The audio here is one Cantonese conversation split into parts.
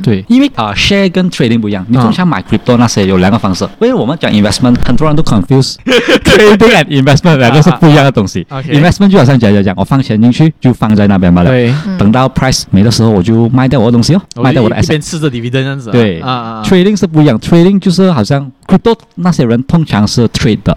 對，因為啊，share 跟 trading 不一樣。你通常買 crypto 那些有兩個方式。因為我們講 investment，很多人都 confuse trading and investment 兩個是不一樣的東西。investment 就好像講講講，我放錢進去就放在那邊埋啦。對，等到 price 沒的時候，我就賣掉我嘅東西咯，賣掉我的 assets。一邊試著 dividend 這樣子。對啊。trading 是不一樣，trading 就是好像 crypto 那些人通常係 trade 的。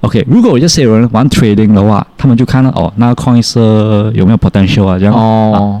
OK，如果就是有些人玩 trading 的話，他們就看到哦，那個 coin 是有沒有 potential 啊，這樣。Oh. 啊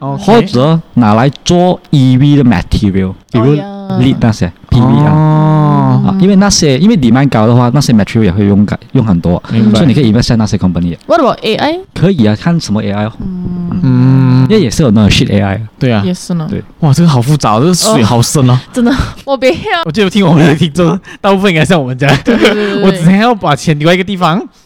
Okay. 或者拿來做 EV 的 material，、oh, yeah. 比如 lead 那些 PV、oh, yeah. 啊，mm -hmm. 因為那些因為 demand 高的話，那些 material 也會用用很多，mm -hmm. 所以你可以 invest 下那些 company。What about AI？可以啊，看什麼 AI？嗯、mm -hmm. 因為也是有那種 shit AI，對啊，也、yes, 是、no. 對，哇，這個好複雜，這個水好深啊，oh, 真的，我別，我就有聽我們聽，眾、啊，大部分應該像我們這樣，對對對對 我只能要把錢留在一個地方。